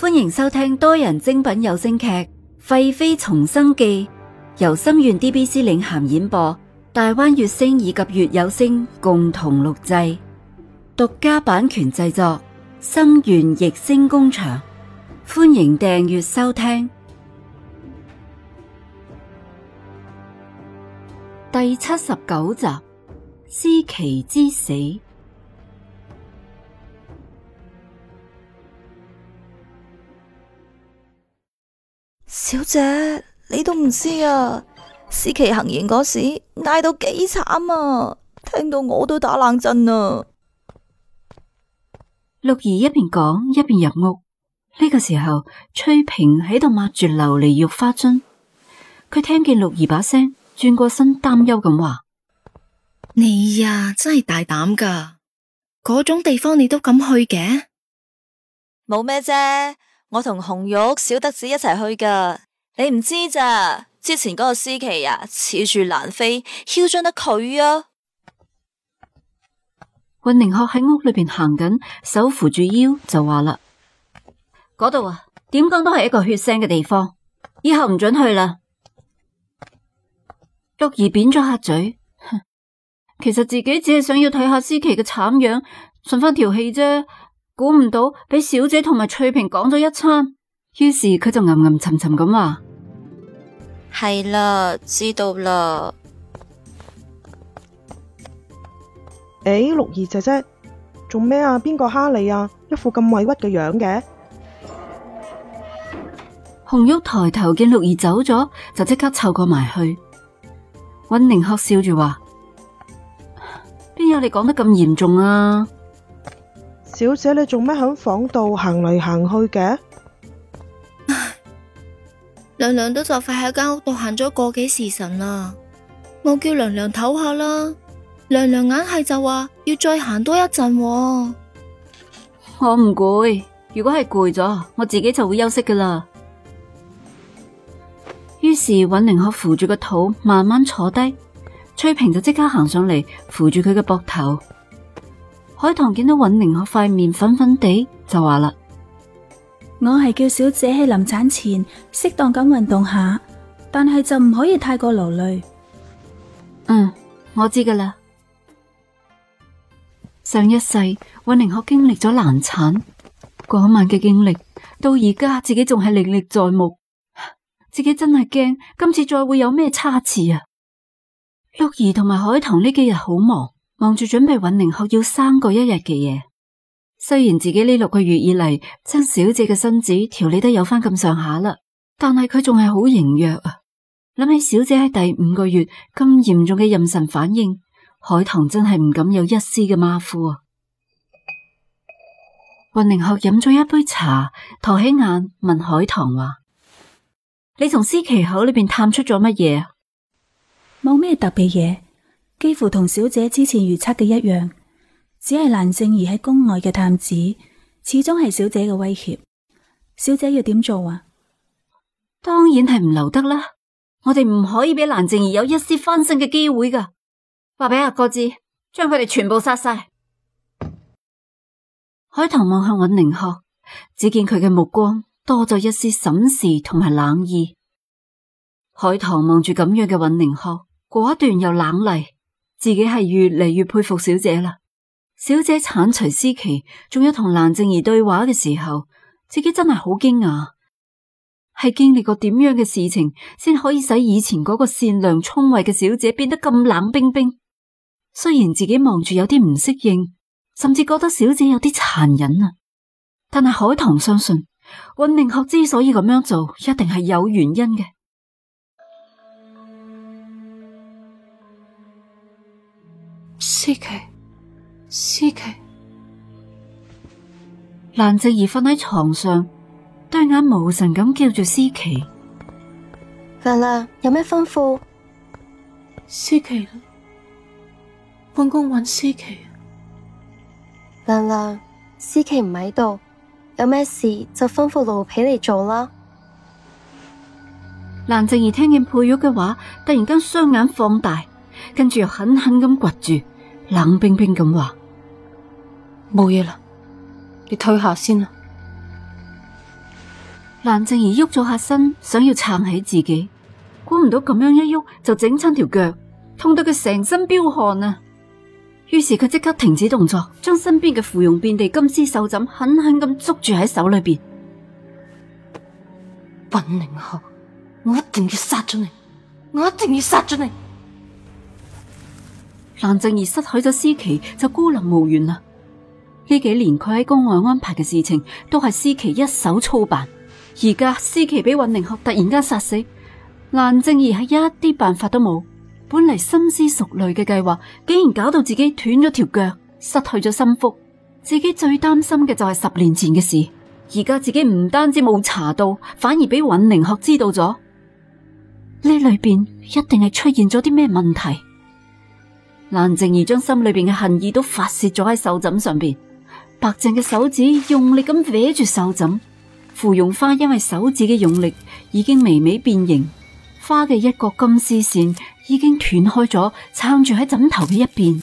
歡迎收聽多人精品有聲劇《廢妃重生記》，由心願 DBC 領銜演播，大灣月星以及月有聲共同錄製，獨家版權製作，心願逸星工廠。歡迎訂閱收聽第七十九集《思琪之死》。小姐，你都唔知啊！思琪行刑嗰時嗌到幾慘啊，聽到我都打冷震啊！六兒一邊講一邊入屋。呢、這個時候，翠萍喺度抹住琉璃玉花樽，佢聽見六兒把聲，轉過身擔憂咁話：你呀，啊，真係大膽噶，嗰種地方你都敢去嘅？冇咩啫。我同紅玉、小德子一齊去噶，你唔知咋？之前嗰個思琪啊，恃住蘭妃囂張得佢啊！運寧鶴喺屋裏邊行緊，手扶住腰就話啦，嗰度啊，點講都係一個血腥嘅地方，以後唔準去啦。玉兒扁咗下嘴，哼，其實自己只係想要睇下思琪嘅慘樣，順翻條氣啫。估唔到俾小姐同埋翠萍講咗一餐，於是佢就陰陰沉沉咁話：係啦，知道啦。誒，六兒姐姐，做咩啊？邊個蝦你啊？一副咁委屈嘅樣嘅。洪玉抬頭見六兒走咗，就即刻湊過埋去。温寧笑笑住話：邊有你講得咁嚴重啊？小姐，你做咩喺房度行嚟行去嘅？ 娘娘都就快喺間屋度行咗個幾時辰啦，我叫娘娘唞下啦。娘娘硬係就話要再行多一陣。我唔攰，如果係攰咗，我自己就會休息噶啦。於是尹寧可扶住個肚，慢慢坐低。翠萍就即刻行上嚟，扶住佢嘅膊頭。海棠見到尹寧可塊面粉粉地，就話啦：我係叫小姐喺臨產前適當咁運動下，但係就唔可以太過勞累。嗯，我知噶啦。上一世尹寧可經歷咗難產，嗰晚嘅經歷到而家自己仲係歷歷在目。啊，自己真係驚今次再會有咩差池啊！六兒同埋海棠呢幾日好忙。望住準備尹寧學要生過一日嘅嘢，雖然自己呢六個月以嚟將小姐嘅身子調理得有翻咁上下啦，但係佢仲係好羸弱啊！諗起小姐喺第五個月咁嚴重嘅妊娠反應，海棠真係唔敢有一絲嘅馬虎啊！尹寧 學飲咗一杯茶，抬起眼問海棠話：你從思琪口裏邊探出咗乜嘢？冇咩特別嘢。幾乎同小姐之前預測嘅一樣，只係蘭靜怡喺宮外嘅探子，始終係小姐嘅威脅。小姐要點做啊？當然係唔留得啦！我哋唔可以俾蘭靜怡有一絲翻身嘅機會噶。話俾阿哥知，將佢哋全部殺晒。海棠望向尹寧鶴，只見佢嘅目光多咗一絲審視同埋冷意。海棠望住咁樣嘅尹寧鶴，果斷又冷厲。自己係越嚟越佩服小姐啦！小姐鏟除思琪，仲有同蘭靜兒對話嘅時候，自己真係好驚訝，係經歷過點樣嘅事情，先可以使以前嗰個善良聰慧嘅小姐變得咁冷冰冰。雖然自己望住有啲唔適應，甚至覺得小姐有啲殘忍啊，但係海棠相信，運明學之所以咁樣做，一定係有原因嘅。思琪，思琪，蘭靜兒瞓喺床上，對眼無神咁叫住思琪。娘娘，有咩吩咐？思琪啦，本宮揾思琪。娘娘，思琪唔喺度，有咩事就吩咐奴婢嚟做啦。蘭靜兒聽見佩玉嘅話，突然間雙眼放大，跟住又狠狠咁掘住，冷冰冰咁話：冇嘢啦，你退下先啦。蘭靜兒喐咗下身，想要撐起自己，估唔到咁樣一喐就整親條腳，痛到佢成身飆汗啊！於是佢即刻停止動作，將身邊嘅芙蓉遍地金絲手枕狠狠咁捉住喺手裏邊。溫寧鶴，我一定要殺咗你！我一定要殺咗你！蘭靜兒失去咗思琪，就孤立無援啦。呢幾年佢喺宮外安排嘅事情，都係思琪一手操辦。而家思琪俾尹寧學突然間殺死，蘭靜兒係一啲辦法都冇。本嚟深思熟慮嘅計劃，竟然搞到自己斷咗條腳，失去咗心腹。自己最擔心嘅就係十年前嘅事，而家自己唔單止冇查到，反而俾尹寧學知道咗。呢裏邊一定係出現咗啲咩問題？蘭靜儀將心裏邊嘅恨意都發泄咗喺手枕上邊，白淨嘅手指用力咁歪住手枕，芙蓉花因為手指嘅用力已經微微變形，花嘅一個金絲線已經斷開咗，撐住喺枕頭嘅一邊。